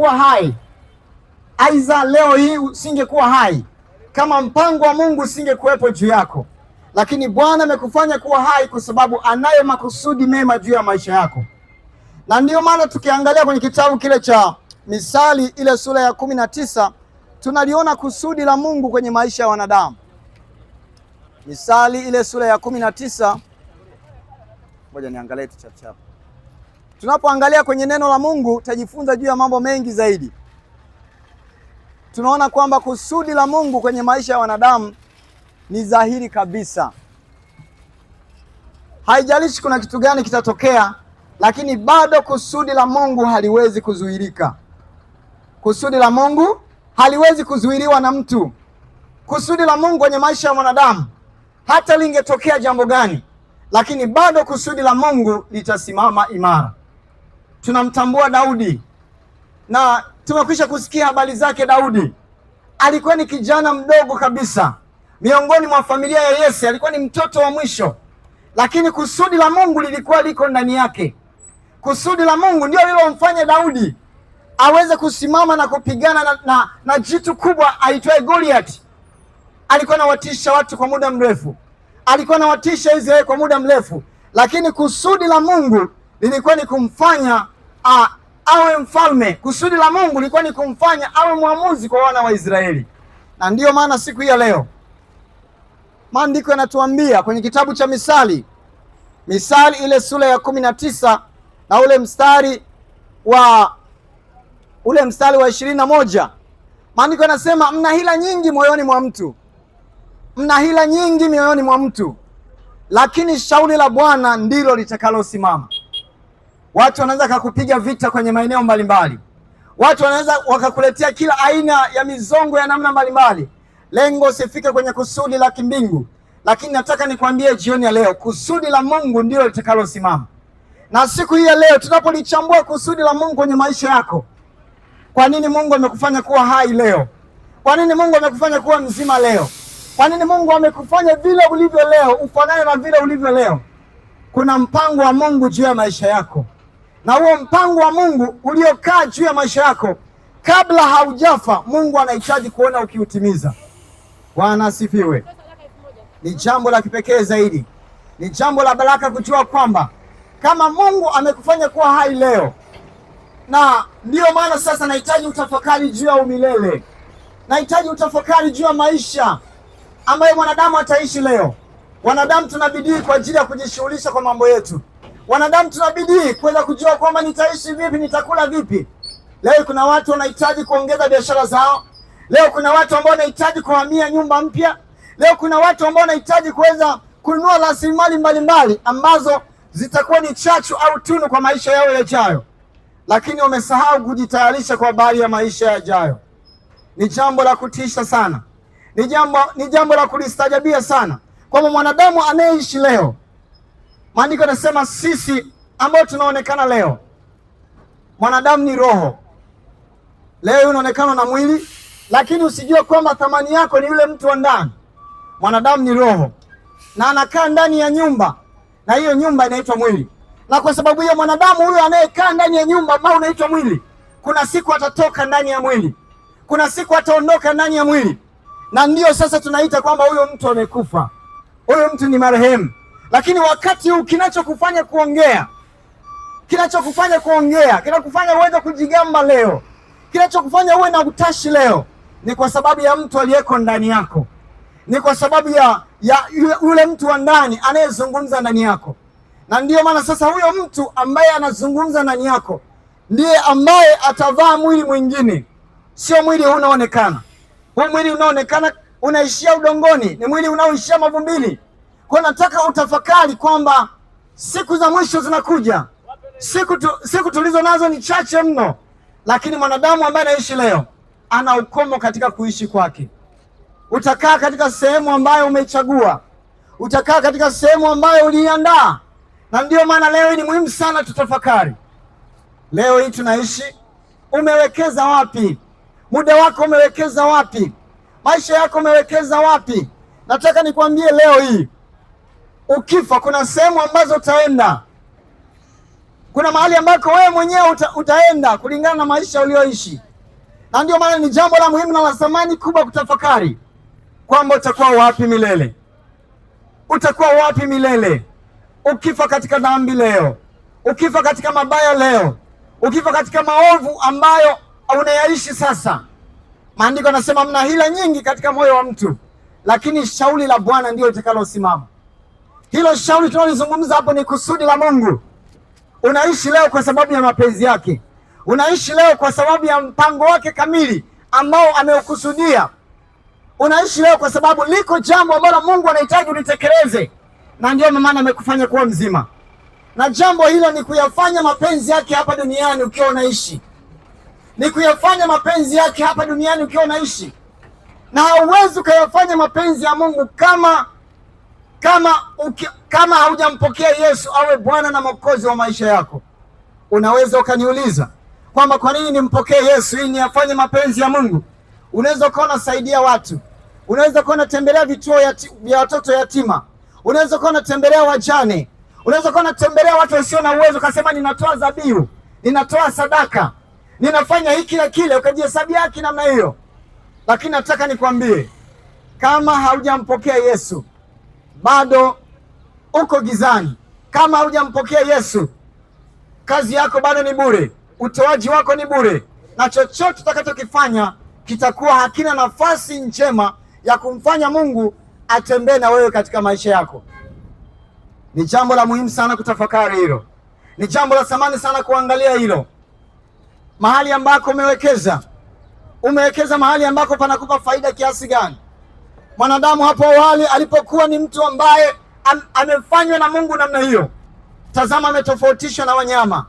usingekuwa hai, aidha leo hii usingekuwa hai, kama mpango wa Mungu usingekuwepo juu yako. Lakini Bwana amekufanya kuwa hai kwa sababu anaye makusudi mema juu ya maisha yako, na ndiyo maana tukiangalia kwenye kitabu kile cha Misali ile sura ya kumi na tisa tunaliona kusudi la Mungu kwenye maisha ya wanadamu. Misali ile sura ya kumi na tisa ngoja niangalie tu chapchap. Tunapoangalia kwenye neno la Mungu tajifunza juu ya mambo mengi zaidi. Tunaona kwamba kusudi la Mungu kwenye maisha ya wanadamu ni dhahiri kabisa. Haijalishi kuna kitu gani kitatokea, lakini bado kusudi la Mungu haliwezi kuzuilika. Kusudi la Mungu haliwezi kuzuiliwa na mtu. Kusudi la Mungu kwenye maisha ya mwanadamu, hata lingetokea jambo gani, lakini bado kusudi la Mungu litasimama imara tunamtambua Daudi na tumekwisha kusikia habari zake. Daudi alikuwa ni kijana mdogo kabisa miongoni mwa familia ya Yese, alikuwa ni mtoto wa mwisho, lakini kusudi la Mungu lilikuwa liko ndani yake. Kusudi la Mungu ndio lilomfanya Daudi aweze kusimama na kupigana na, na, na jitu kubwa aitwaye Goliath. Alikuwa anawatisha watu kwa muda mrefu, alikuwa anawatisha Israeli kwa muda mrefu, lakini kusudi la Mungu lilikuwa ni kumfanya a, awe mfalme. Kusudi la Mungu lilikuwa ni kumfanya awe mwamuzi kwa wana wa Israeli, na ndiyo maana siku hii ya leo maandiko yanatuambia kwenye kitabu cha Misali, Misali ile sura ya kumi na tisa na ule mstari wa ule mstari wa ishirini na moja maandiko yanasema mna hila nyingi moyoni mwa mtu, mna hila nyingi mioyoni mwa mtu, lakini shauri la Bwana ndilo litakalosimama. Watu wanaweza kakupiga vita kwenye maeneo mbalimbali, watu wanaweza wakakuletea kila aina ya mizongo ya namna mbalimbali, lengo usifike kwenye kusudi la kimbingu. Lakini nataka nikwambie jioni ya leo, kusudi la Mungu ndilo litakalosimama. Na siku hii ya leo tunapolichambua kusudi la Mungu kwenye maisha yako, kwa nini Mungu amekufanya kuwa hai leo? Kwa nini Mungu amekufanya kuwa mzima leo? Kwa nini Mungu amekufanya vile ulivyo leo, ufanane na vile ulivyo leo? Kuna mpango wa Mungu juu ya maisha yako na huo mpango wa Mungu uliokaa juu ya maisha yako kabla haujafa, Mungu anahitaji kuona ukiutimiza. Bwana asifiwe. Ni jambo la kipekee zaidi, ni jambo la baraka kujua kwamba kama Mungu amekufanya kuwa hai leo, na ndiyo maana sasa nahitaji utafakari juu ya umilele, nahitaji utafakari juu ya maisha ambayo mwanadamu ataishi leo. Wanadamu tuna bidii kwa ajili ya kujishughulisha kwa mambo yetu Wanadamu tuna bidii kuweza kujua kwamba nitaishi vipi, nitakula vipi. Leo kuna watu wanahitaji kuongeza biashara zao. Leo kuna watu ambao wanahitaji kuhamia nyumba mpya. Leo kuna watu ambao wanahitaji kuweza kununua rasilimali mbalimbali ambazo zitakuwa ni chachu au tunu kwa maisha yao yajayo, lakini wamesahau kujitayarisha kwa habari ya maisha yajayo. Ni jambo la kutisha sana, ni jambo ni jambo la kulistajabia sana kwamba mwanadamu anayeishi leo Maandiko yanasema sisi ambao tunaonekana leo, mwanadamu ni roho. Leo unaonekana na mwili, lakini usijue kwamba thamani yako ni yule mtu wa ndani. Mwanadamu ni roho na anakaa ndani ya nyumba, na hiyo nyumba inaitwa mwili. Na kwa sababu hiyo, mwanadamu huyo anayekaa ndani ya nyumba ambao unaitwa mwili, kuna siku atatoka ndani ya mwili, kuna siku ataondoka ndani ya mwili, na ndiyo sasa tunaita kwamba huyo mtu amekufa, huyo mtu ni marehemu. Lakini wakati huu kinachokufanya kuongea, kinachokufanya kuongea, kinakufanya uweze kujigamba leo, kinachokufanya uwe na utashi leo, ni kwa sababu ya mtu aliyeko ndani yako, ni kwa sababu ya ya yule mtu wa ndani anayezungumza ndani yako. Na ndiyo maana sasa huyo mtu ambaye anazungumza ndani yako ndiye ambaye atavaa mwili mwingine, sio mwili unaonekana. Huu mwili unaonekana unaishia udongoni, ni mwili unaoishia mavumbini. Kwa nataka utafakari kwamba siku za mwisho zinakuja. Siku, tu, siku tulizo nazo ni chache mno, lakini mwanadamu ambaye anaishi leo ana ukomo katika kuishi kwake. Utakaa katika sehemu ambayo umeichagua, utakaa katika sehemu ambayo uliiandaa, na ndiyo maana leo ni muhimu sana tutafakari. Leo hii tunaishi, umewekeza wapi muda wako? Umewekeza wapi maisha yako? Umewekeza wapi? Nataka nikwambie leo hii ukifa, kuna sehemu ambazo utaenda, kuna mahali ambako wewe mwenyewe uta, utaenda kulingana na maisha ulioishi, na ndio maana ni jambo la muhimu na la thamani kubwa kutafakari kwamba utakuwa wapi milele, utakuwa wapi milele ukifa katika dhambi leo, ukifa katika mabaya leo, ukifa katika maovu ambayo unayaishi sasa. Maandiko anasema mna hila nyingi katika moyo wa mtu, lakini shauri la Bwana ndio litakalosimama. Hilo shauri tunalozungumza hapo ni kusudi la Mungu. Unaishi leo kwa sababu ya mapenzi yake, unaishi leo kwa sababu ya mpango wake kamili ambao ameukusudia. Unaishi leo kwa sababu liko jambo ambalo Mungu anahitaji ulitekeleze, na ndio maana amekufanya kuwa mzima, na jambo hilo ni kuyafanya mapenzi yake hapa duniani ukiwa unaishi, ni kuyafanya mapenzi yake hapa duniani ukiwa unaishi, na hauwezi ukayafanya mapenzi ya Mungu kama kama uki, kama haujampokea Yesu awe Bwana na Mwokozi wa maisha yako, unaweza ukaniuliza kwamba kwa nini nimpokee Yesu ili niyafanye mapenzi ya Mungu. Unaweza ukawa unasaidia watu, unaweza ukawa unatembelea vituo vya watoto yatima, unaweza ukawa unatembelea wajane, unaweza ukawa unatembelea watu wasio na uwezo, ukasema ninatoa dhabihu, ninatoa sadaka, ninafanya hiki na kile, ukajihesabia haki namna hiyo. Lakini nataka nikwambie kama haujampokea Yesu bado uko gizani. Kama hujampokea Yesu, kazi yako bado ni bure, utoaji wako ni bure, na chochote utakachokifanya kitakuwa hakina nafasi njema ya kumfanya Mungu atembee na wewe katika maisha yako. Ni jambo la muhimu sana kutafakari hilo, ni jambo la thamani sana kuangalia hilo, mahali ambako umewekeza umewekeza mahali ambako panakupa faida kiasi gani? Mwanadamu hapo awali alipokuwa ni mtu ambaye am, amefanywa na Mungu namna hiyo, tazama, ametofautishwa na wanyama,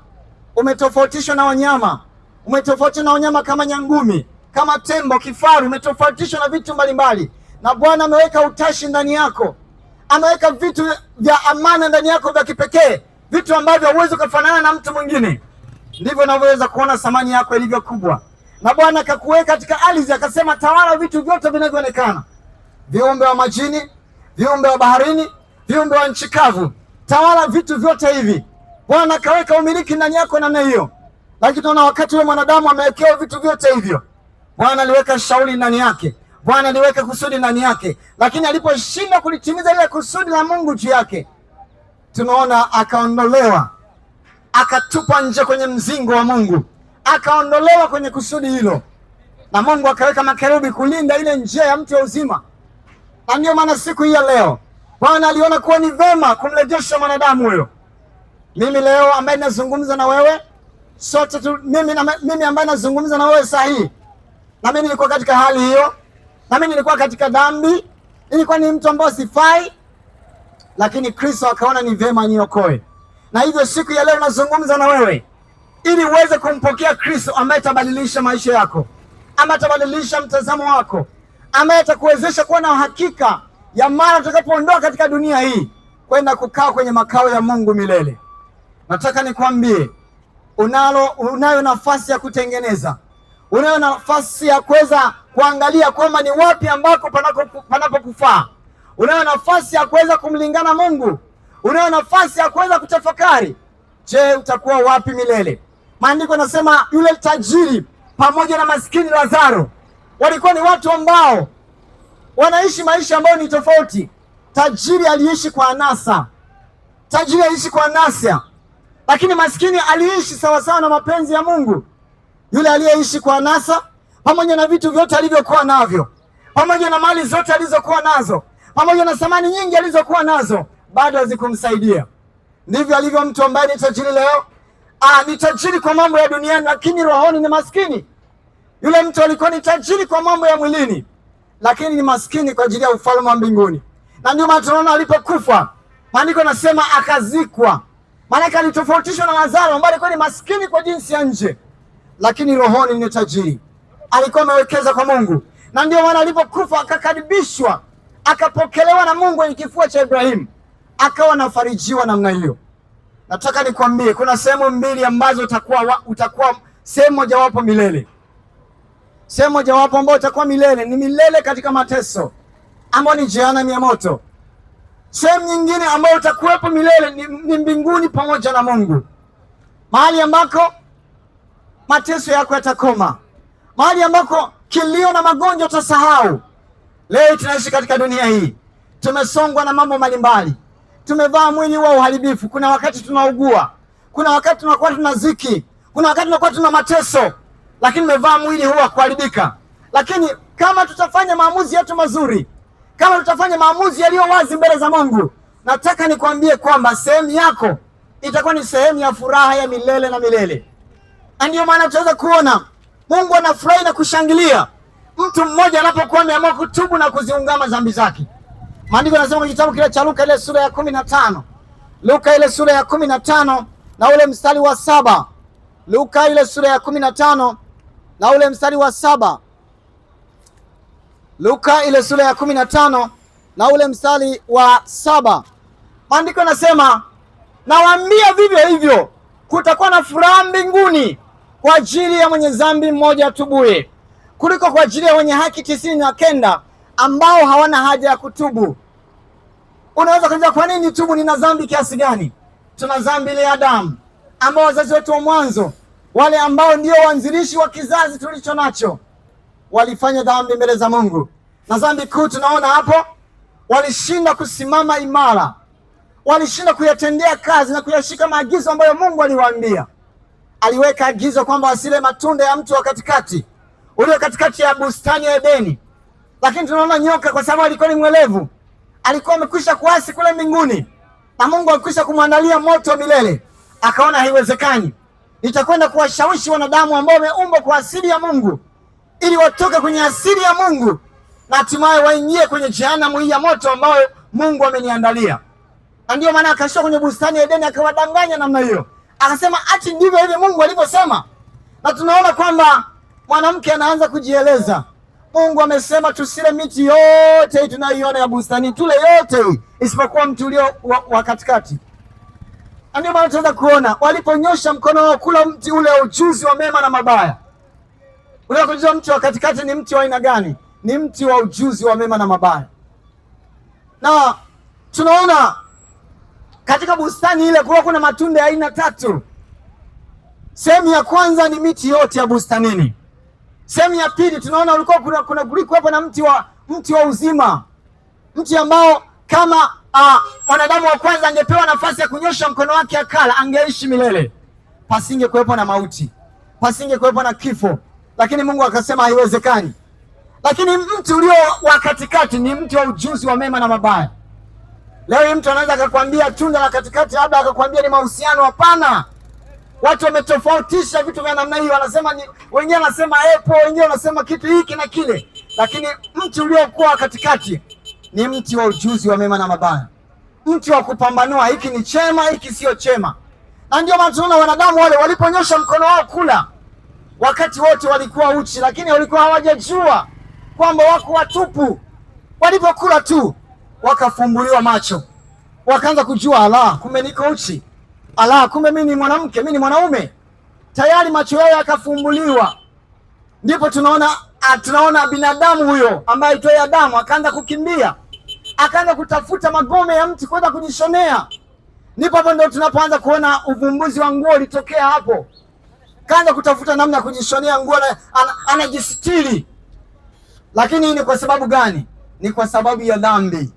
umetofautishwa na wanyama, umetofautishwa na wanyama kama nyangumi, kama tembo, kifaru, umetofautishwa na vitu mbalimbali, mbali. na Bwana ameweka utashi ndani yako, ameweka vitu vya amana ndani yako vya kipekee, vitu ambavyo huwezi kufanana na mtu mwingine. Ndivyo unavyoweza kuona thamani yako ilivyo kubwa, na Bwana akakuweka katika ardhi, akasema tawala vitu vyote vinavyoonekana viumbe wa majini, viumbe wa baharini, viumbe wa nchi kavu, tawala vitu vyote hivi. Bwana kaweka umiliki ndani yako namna hiyo, lakini tunaona wakati wewe mwanadamu amewekewa vitu vyote hivyo, Bwana aliweka shauri ndani yake, Bwana aliweka kusudi ndani yake, lakini aliposhindwa kulitimiza lile kusudi la Mungu juu yake, tunaona akaondolewa, akatupa nje kwenye mzingo wa Mungu, akaondolewa kwenye kusudi hilo, na Mungu akaweka makerubi kulinda ile njia ya mti wa uzima. Na ndio maana siku hii ya leo Bwana aliona kuwa ni vema kumrejesha mwanadamu huyo. Mimi leo ambaye ninazungumza na wewe sote tu, mimi, na, mimi ambaye nazungumza na wewe saa hii, na mimi nilikuwa katika hali hiyo, na mimi nilikuwa katika dhambi, nilikuwa ni mtu ambaye sifai, lakini Kristo akaona ni vema niokoe, na hivyo siku ya leo nazungumza na wewe ili uweze kumpokea Kristo ambaye atabadilisha maisha yako ama atabadilisha mtazamo wako ambaye atakuwezesha kuwa na uhakika ya mara utakapoondoka katika dunia hii kwenda kukaa kwenye makao ya Mungu milele. Nataka nikwambie, unalo unayo nafasi ya kutengeneza, unayo nafasi ya kuweza kuangalia kwamba ni wapi ambako panapokufaa, unayo nafasi ya kuweza kumlingana Mungu, unayo nafasi ya kuweza kutafakari. Je, utakuwa wapi milele? Maandiko yanasema yule tajiri pamoja na maskini Lazaro walikuwa ni watu ambao wanaishi maisha ambayo ni tofauti. Tajiri aliishi kwa anasa, tajiri aliishi kwa anasa, lakini maskini aliishi sawasawa na mapenzi ya Mungu. Yule aliyeishi kwa anasa, pamoja na vitu vyote alivyokuwa navyo, pamoja na mali zote alizokuwa nazo, pamoja na samani nyingi alizokuwa nazo, bado hazikumsaidia. Ndivyo alivyo mtu ambaye ni tajiri leo. Ah, ni tajiri kwa mambo ya duniani, lakini rohoni ni maskini. Yule mtu alikuwa ni tajiri kwa mambo ya mwilini, lakini ni maskini kwa ajili ya ufalme wa mbinguni. Na ndio maana tunaona alipokufa, maandiko nasema akazikwa. Maanake alitofautishwa na Lazaro ambaye alikuwa ni maskini kwa jinsi ya nje, lakini rohoni ni tajiri, alikuwa amewekeza kwa Mungu. Na ndio maana alipokufa akakaribishwa, akapokelewa na Mungu kwenye kifua cha Ibrahimu, akawa anafarijiwa namna hiyo. Nataka nikwambie kuna sehemu mbili ambazo utakuwa, utakuwa sehemu mojawapo milele sehemu mojawapo ambayo itakuwa milele ni milele katika mateso ambayo ni jehanamu ya moto. Sehemu nyingine ambayo utakuwepo milele ni, ni mbinguni pamoja na Mungu, mahali ambako mateso yako yatakoma, mahali ambako kilio na magonjwa utasahau. Leo tunaishi katika dunia hii, tumesongwa na mambo mbalimbali, tumevaa mwili wa uharibifu. Kuna wakati tunaugua, kuna wakati tunakuwa tuna ziki, kuna wakati tunakuwa tuna mateso lakini umevaa mwili huwa kuharibika. Lakini kama tutafanya maamuzi yetu mazuri, kama tutafanya maamuzi yaliyo wazi mbele za Mungu, nataka nikwambie kwamba sehemu yako itakuwa ni sehemu ya furaha ya milele na milele, na ndiyo maana tutaweza kuona Mungu anafurahi na kushangilia mtu mmoja anapokuwa ameamua kutubu na kuziungama dhambi zake. Maandiko yanasema kwenye kitabu kile cha Luka ile sura ya kumi na tano Luka ile sura ya kumi na tano na ule mstari wa saba Luka ile sura ya kumi na tano na ule mstari wa saba Luka ile sura ya kumi na tano na ule mstari wa saba maandiko nasema, nawaambia vivyo hivyo kutakuwa na furaha mbinguni kwa ajili ya mwenye dhambi mmoja atubuye kuliko kwa ajili ya wenye haki tisini na kenda ambao hawana haja ya kutubu. Unaweza kuuliza kwa nini tubu? Nina dhambi kiasi gani? Tuna dhambi ile ya Adamu, ambao wazazi wetu wa mwanzo wale ambao ndio wanzilishi wa kizazi tulicho nacho walifanya dhambi mbele za Mungu, na dhambi kuu tunaona hapo, walishinda kusimama imara, walishinda kuyatendea kazi na kuyashika maagizo ambayo Mungu aliwaambia. Aliweka agizo kwamba wasile matunda ya mti wa katikati ulio katikati ya bustani ya Edeni, lakini tunaona nyoka, kwa sababu alikuwa ni mwelevu, alikuwa amekwisha kuasi kule mbinguni na Mungu alikwisha kumwandalia moto milele, akaona haiwezekani itakwenda kuwashawishi wanadamu ambao wameumbwa kwa asili ya Mungu ili watoke kwenye asili ya Mungu na hatimaye waingie kwenye jehanamu hii ya moto ambayo Mungu ameniandalia. Na ndio maana akashuka kwenye bustani ya Edeni akawadanganya namna hiyo, akasema ati ndivyo hivi Mungu alivyosema. Na tunaona kwamba mwanamke anaanza kujieleza, Mungu amesema tusile miti yote tunayoiona ya bustani, tule yote isipokuwa mti ulio wa, wa katikati na ndio maana tunaweza kuona waliponyosha mkono wao kula mti ule wa ujuzi wa mema na mabaya. Unaweza kujua mti wa katikati ni mti wa aina gani? Ni mti wa ujuzi wa mema na mabaya. Na tunaona katika bustani ile kulikuwa kuna matunda ya aina tatu. Sehemu ya kwanza ni miti yote ya bustanini. Sehemu ya pili tunaona ulikuwa kuna kuna hapo na mti wa mti wa uzima, mti ambao kama ah, mwanadamu wa kwanza angepewa nafasi ya kunyosha mkono wake akala, angeishi milele, pasinge kuwepo na mauti, pasinge kuwepo na kifo. Lakini Mungu akasema haiwezekani. Lakini mti ulio wa katikati ni mti wa ujuzi wa mema na mabaya. Leo hii mtu anaweza akakwambia tunda la katikati, labda akakwambia ni mahusiano. Hapana, watu wametofautisha vitu vya namna hiyo, wanasema ni wengine, wanasema epo, wengine wanasema kitu hiki na kile, lakini mti uliokuwa katikati ni mti wa ujuzi wa mema na mabaya, mti wa kupambanua hiki ni chema, hiki sio chema. Na ndio maana tunaona wanadamu wale waliponyosha mkono wao kula, wakati wote walikuwa uchi, lakini walikuwa hawajajua kwamba wako watupu. Walipokula tu wakafumbuliwa macho, wakaanza kujua, ala, kumbe niko uchi, ala, kumbe mimi ni mwanamke, mimi ni mwanaume. Tayari macho yao yakafumbuliwa, ndipo tunaona ah, tunaona binadamu huyo ambaye aitwaye Adamu akaanza kukimbia akaanza kutafuta magome ya mti kwenda kujishonea. Ndipo hapo ndo tunapoanza kuona uvumbuzi wa nguo ulitokea hapo. Kaanza kutafuta namna ya kujishonea nguo, na anajisitiri. Lakini hii ni kwa sababu gani? Ni kwa sababu ya dhambi.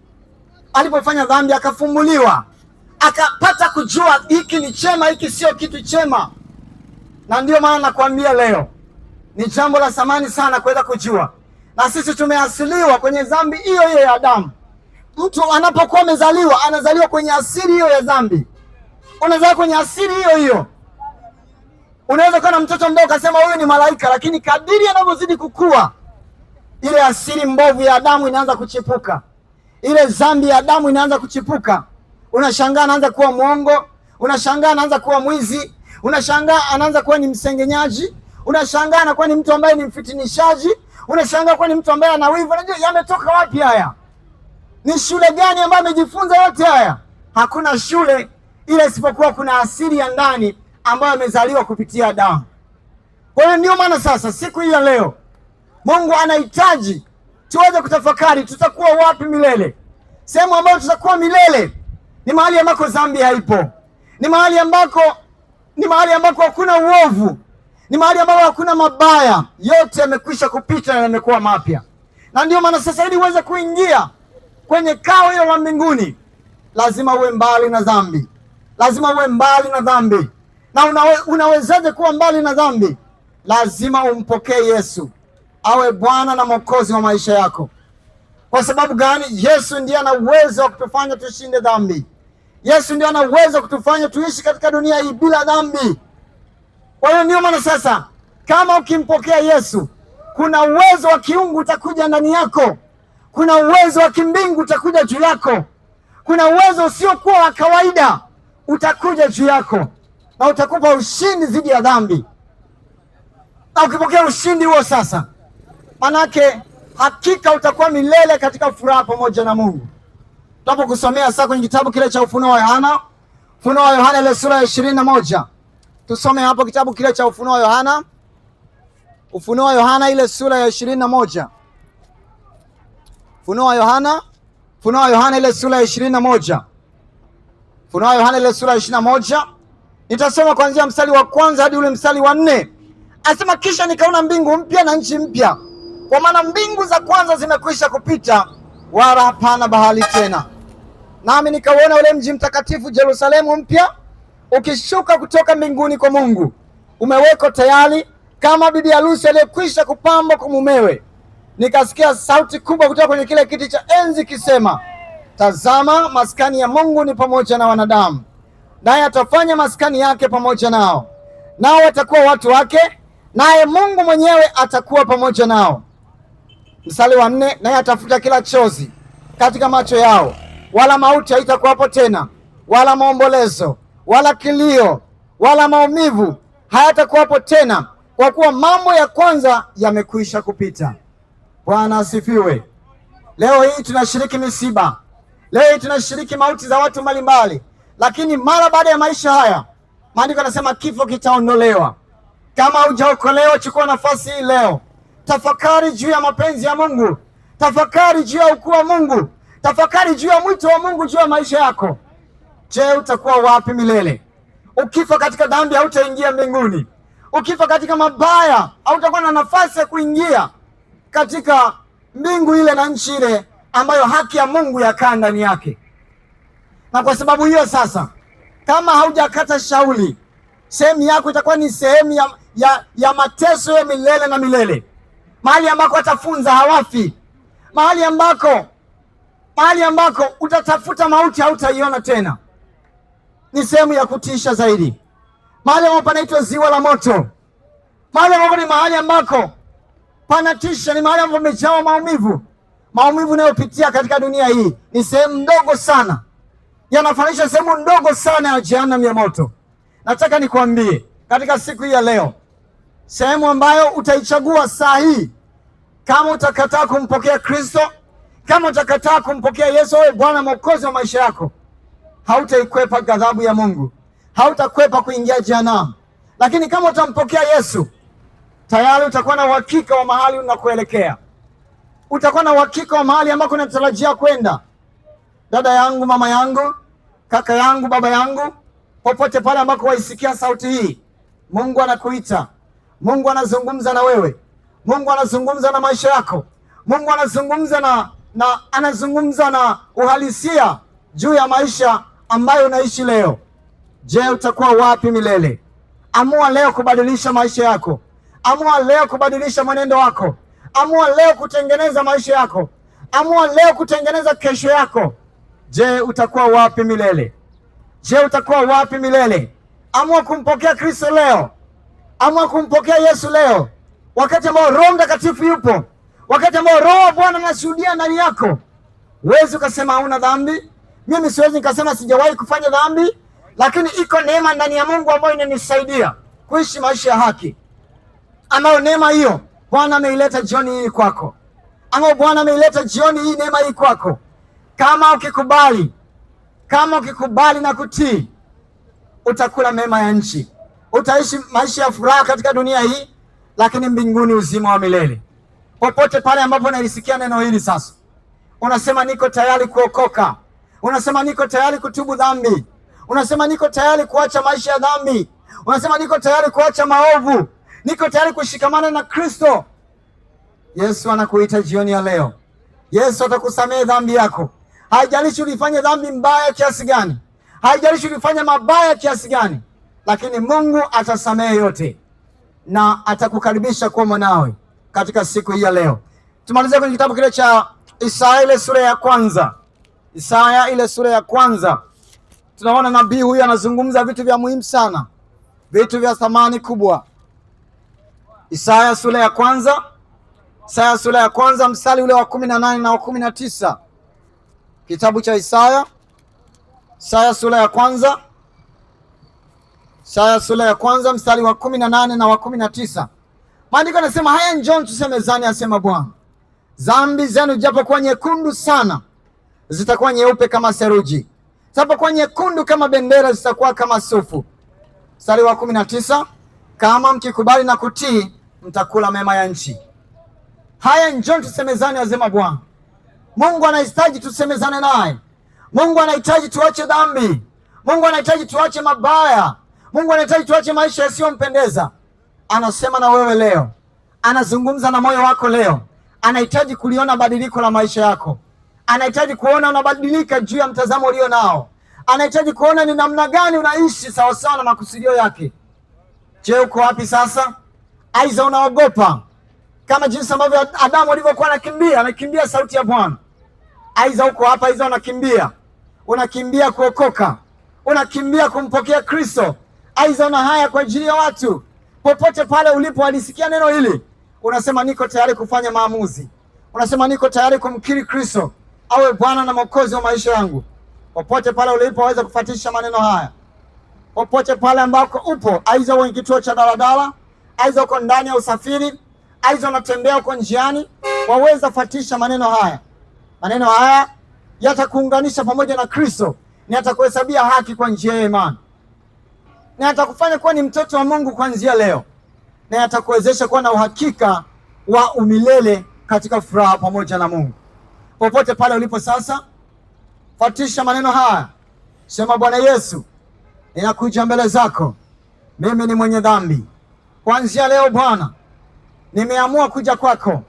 Alipofanya dhambi, akafumuliwa. akapata kujua hiki ni chema, hiki sio kitu chema. Na ndio maana nakwambia leo ni jambo la thamani sana kuweza kujua, na sisi tumeasiliwa kwenye dhambi hiyo hiyo ya Adamu mtu anapokuwa amezaliwa anazaliwa kwenye asili hiyo ya dhambi, unazaliwa kwenye asili hiyo hiyo. Unaweza kuwa na mtoto mdogo ukasema huyu ni malaika, lakini kadiri anavyozidi kukua, ile asili mbovu ya Adamu inaanza kuchipuka, ile dhambi ya Adamu inaanza kuchipuka. Unashangaa anaanza kuwa mwongo, unashangaa anaanza kuwa mwizi, unashangaa anaanza kuwa ni msengenyaji, unashangaa anakuwa ni mtu ambaye ni mfitinishaji, unashangaa kuwa ni mtu ambaye anawivu. Unajua yametoka wapi haya? Ni shule gani ambayo amejifunza yote haya? Hakuna shule ila isipokuwa kuna asili ya ndani ambayo amezaliwa kupitia damu. Kwa hiyo ndio maana sasa siku hii ya leo Mungu anahitaji tuweze kutafakari tutakuwa wapi milele. Sehemu ambayo tutakuwa milele ni mahali ambako dhambi haipo, ni mahali ambako ni mahali ambako hakuna uovu, ni mahali ambako hakuna mabaya. Yote yamekwisha kupita na yamekuwa mapya, na ndio maana sasa ili uweze kuingia kwenye kao hilo la mbinguni, lazima uwe mbali na dhambi, lazima uwe mbali na dhambi. Na unawe, unawezaje kuwa mbali na dhambi? Lazima umpokee Yesu awe Bwana na Mwokozi wa maisha yako. Kwa sababu gani? Yesu ndiye ana uwezo wa kutufanya tushinde dhambi. Yesu ndiye ana uwezo wa kutufanya tuishi katika dunia hii bila dhambi. Kwa hiyo ndio maana sasa, kama ukimpokea Yesu, kuna uwezo wa kiungu utakuja ndani yako kuna uwezo wa kimbingu utakuja juu yako. Kuna uwezo usiokuwa wa kawaida utakuja juu yako na utakupa ushindi dhidi ya dhambi. Na ukipokea ushindi huo sasa, manake hakika utakuwa milele katika furaha pamoja na Mungu. Tunapokusomea sasa kwenye kitabu kile cha Ufunuo wa Yohana, Ufunuo wa Yohana ile sura ya ishirini na moja tusome hapo kitabu kile cha Ufunuo wa Yohana, Ufunuo wa Yohana ile sura ya ishirini na moja. Funua Yohana, Funua Yohana ile sura ya ishirini na moja Funua Yohana ile sura ya ishirini na moja nitasoma kuanzia mstari wa kwanza hadi ule mstari wa nne Asema, kisha nikaona mbingu mpya na nchi mpya, kwa maana mbingu za kwanza zimekwisha kupita, wala hapana bahari tena. Nami nikauona ule mji mtakatifu jerusalemu mpya ukishuka kutoka mbinguni kwa Mungu, umewekwa tayari kama bibi harusi aliyekwisha kupambwa kwa mumewe nikasikia sauti kubwa kutoka kwenye kile kiti cha enzi kisema, tazama maskani ya Mungu ni pamoja na wanadamu, naye atafanya maskani yake pamoja nao, nao watakuwa watu wake, naye Mungu mwenyewe atakuwa pamoja nao. Mstari wa nne, naye atafuta kila chozi katika macho yao, wala mauti haitakuwapo tena, wala maombolezo, wala kilio, wala maumivu hayatakuwapo tena, kwa kuwa mambo ya kwanza yamekwisha kupita. Bwana asifiwe. Leo hii tunashiriki misiba, leo hii tunashiriki mauti za watu mbalimbali, lakini mara baada ya maisha haya, maandiko yanasema kifo kitaondolewa. Kama hujaokolewa, chukua nafasi hii leo, tafakari juu ya mapenzi ya Mungu, tafakari juu ya ukuu wa Mungu, tafakari juu ya mwito wa Mungu juu ya maisha yako. Je, utakuwa wapi milele? Ukifa katika dhambi, hautaingia mbinguni. Ukifa katika mabaya, hautakuwa na nafasi ya kuingia katika mbingu ile na nchi ile ambayo haki ya Mungu yakaa ndani yake. Na kwa sababu hiyo sasa, kama haujakata shauli, sehemu yako itakuwa ni sehemu ya, ya, ya mateso ya milele na milele, mahali ambako atafunza hawafi, mahali ambako mahali ambako utatafuta mauti hautaiona tena. Ni sehemu ya kutisha zaidi, mahali ambapo panaitwa ziwa la moto, mahali ambapo ni mahali ambako panatisha, ni mahali ambapo pamejaa maumivu. Maumivu unayopitia katika dunia hii ni sehemu ndogo sana, yanafanisha sehemu ndogo sana ya jehanamu ya moto. Nataka nikwambie katika siku hii ya leo, sehemu ambayo utaichagua saa hii, kama utakataa kumpokea Kristo, kama utakataa kumpokea Yesu awe Bwana Mwokozi wa maisha yako, hautaikwepa ghadhabu ya Mungu, hautakwepa kuingia jehanamu. Lakini kama utampokea Yesu tayari utakuwa na uhakika wa mahali unakoelekea, utakuwa na uhakika wa mahali ambako unatarajia kwenda. Dada yangu, mama yangu, kaka yangu, baba yangu, popote pale ambako waisikia sauti hii, Mungu anakuita, Mungu anazungumza na wewe, Mungu anazungumza na maisha yako, Mungu anazungumza na, na anazungumza na uhalisia juu ya maisha ambayo unaishi leo. Je, utakuwa wapi milele? Amua leo kubadilisha maisha yako. Amua leo kubadilisha mwenendo wako. Amua leo kutengeneza maisha yako. Amua leo kutengeneza kesho yako. Je, utakuwa wapi milele? Je, utakuwa wapi milele? Amua kumpokea Kristo leo. Amua kumpokea Yesu leo, wakati ambao Roho Mtakatifu yupo, wakati ambao Roho wa Bwana anashuhudia ndani yako. Huwezi ukasema hauna dhambi. Mimi siwezi nikasema sijawahi kufanya dhambi, lakini iko neema ndani ya Mungu ambayo inanisaidia kuishi maisha ya haki ambayo neema hiyo Bwana ameileta jioni hii kwako, ambayo Bwana ameileta jioni hii neema hii kwako, kama ukikubali, kama ukikubali na kutii, utakula mema ya nchi, utaishi maisha ya furaha katika dunia hii, lakini mbinguni uzima wa milele. Popote pale ambapo nalisikia neno hili sasa, unasema niko tayari kuokoka, unasema niko tayari kutubu dhambi, unasema niko tayari kuacha maisha ya dhambi, unasema niko tayari kuacha maovu niko tayari kushikamana na Kristo. Yesu anakuita jioni ya leo. Yesu atakusamehe dhambi yako, haijalishi ulifanya dhambi mbaya kiasi gani, haijalishi ulifanya mabaya kiasi gani, lakini Mungu atasamehe yote na atakukaribisha kuwa mwanawe katika siku hii ya leo. Tumalizie kwenye kitabu kile cha Isaya ile sura ya kwanza. Isaya ile sura ya kwanza, tunaona nabii huyu anazungumza vitu vya muhimu sana, vitu vya thamani kubwa. Isaya sura ya kwanza, Isaya sura ya kwanza mstari ule wa kumi na nane na wa kumi na tisa kitabu cha Isaya, Isaya sura ya kwanza, Isaya sura ya kwanza mstari wa kumi na nane na wa kumi na tisa Maandiko anasema haya, njoo tuseme zani, asema Bwana, dhambi zenu japokuwa nyekundu sana zitakuwa nyeupe kama seruji, japokuwa nyekundu kama bendera zitakuwa kama sufu. Mstari wa kumi na tisa kama mkikubali na kutii mtakula mema ya nchi. Haya, njoo tusemezane, wazema Bwana. Mungu anahitaji tusemezane naye. Mungu anahitaji tuache dhambi. Mungu anahitaji tuache mabaya. Mungu anahitaji tuache maisha yasiyompendeza. Anasema na wewe leo, anazungumza na moyo wako leo. Anahitaji kuliona badiliko la maisha yako, anahitaji kuona unabadilika juu ya mtazamo ulio nao, anahitaji kuona ni namna gani unaishi sawasawa na makusudio yake. Je, uko wapi sasa? Aiza unaogopa kama jinsi ambavyo Adamu alivyokuwa anakimbia, anakimbia sauti ya Bwana. Aiza uko hapa, aiza unakimbia, unakimbia kuokoka, unakimbia kumpokea Kristo. Aiza una haya kwa ajili ya watu, popote pale ulipo, alisikia neno hili, unasema niko tayari kufanya maamuzi, unasema niko tayari kumkiri Kristo awe Bwana na Mwokozi wa maisha yangu. Popote pale ulipo, waweza kufuatisha maneno haya, popote pale ambako upo, aiza uwe kituo cha daladala aiza uko ndani ya usafiri, aiza unatembea uko njiani, waweza fatisha maneno haya. Maneno haya yatakuunganisha pamoja na Kristo, na yatakuhesabia haki kwa njia ya imani, na yatakufanya kuwa ni mtoto wa Mungu kuanzia leo, na yatakuwezesha kuwa na uhakika wa umilele katika furaha pamoja na Mungu. Popote pale ulipo sasa, fatisha maneno haya, sema: Bwana Yesu, ninakuja mbele zako, mimi ni mwenye dhambi kuanzia leo Bwana, nimeamua kuja kwako,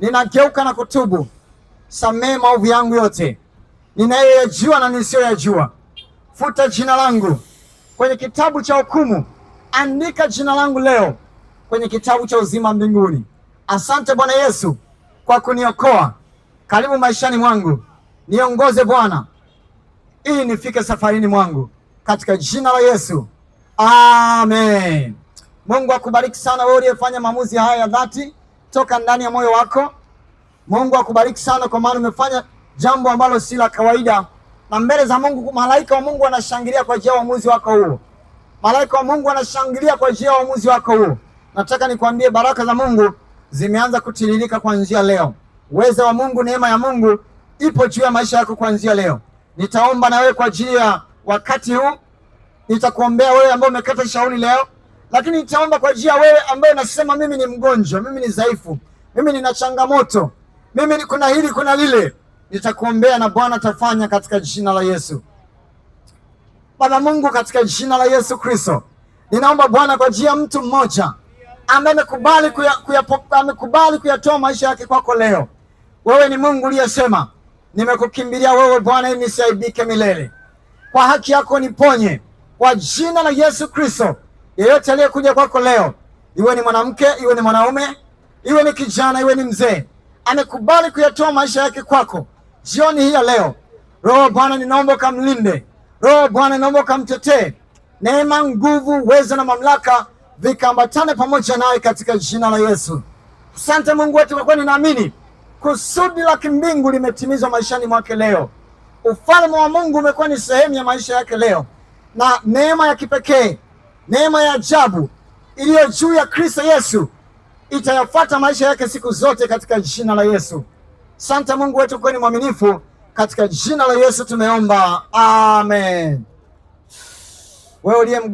ninageuka na kutubu. Samehe maovu yangu yote ninayoyajua na nisiyoyajua. Futa jina langu kwenye kitabu cha hukumu, andika jina langu leo kwenye kitabu cha uzima mbinguni. Asante Bwana Yesu kwa kuniokoa. Karibu maishani mwangu, niongoze Bwana ili nifike safarini mwangu, katika jina la Yesu, amen. Mungu akubariki sana wewe uliyefanya maamuzi haya ya dhati toka ndani ya moyo wako. Mungu akubariki sana kwa maana umefanya jambo ambalo si la kawaida, na mbele za Mungu malaika wa Mungu wanashangilia kwa ajili ya uamuzi wako huo. Malaika wa Mungu wanashangilia kwa ajili ya uamuzi wako huo. Nataka nikwambie baraka za Mungu zimeanza kutiririka kuanzia leo. Uweza wa Mungu, neema ya Mungu ipo juu ya maisha yako kuanzia leo. Nitaomba na wewe kwa ajili ya wakati huu, nitakuombea wewe ambaye umekata shauri leo lakini nitaomba kwa ajili ya wewe ambaye unasema mimi ni mgonjwa, mimi ni dhaifu, mimi nina changamoto, mimi kuna hili kuna lile. Nitakuombea na Bwana atafanya katika jina la Yesu. Baba Mungu, katika jina la Yesu Kristo, ninaomba Bwana kwa ajili ya mtu mmoja ambaye amekubali amekubali kuyatoa maisha yake kwako leo. Wewe ni Mungu uliyesema, nimekukimbilia wewe Bwana ili nisiaibike milele. Kwa haki yako niponye kwa jina la Yesu Kristo. Yeyote aliyekuja kwako leo, iwe ni mwanamke, iwe ni mwanaume, iwe ni kijana, iwe ni mzee, amekubali kuyatoa maisha yake kwako jioni hii ya leo, Roho Bwana ninaomba ukamlinde. Roho Bwana ninaomba ukamtetee. Neema, nguvu, uwezo na mamlaka vikaambatane pamoja naye katika jina la Yesu. Asante Mungu wetu, kwa kuwa ninaamini kusudi la kimbingu limetimizwa maishani mwake leo. Ufalme wa Mungu umekuwa ni sehemu ya maisha yake leo, na neema ya kipekee Neema ya ajabu iliyo juu ya Kristo Yesu itayafuata maisha yake siku zote katika jina la Yesu. santa Mungu wetu, kweni mwaminifu katika jina la Yesu tumeomba, amen. Wewe uliye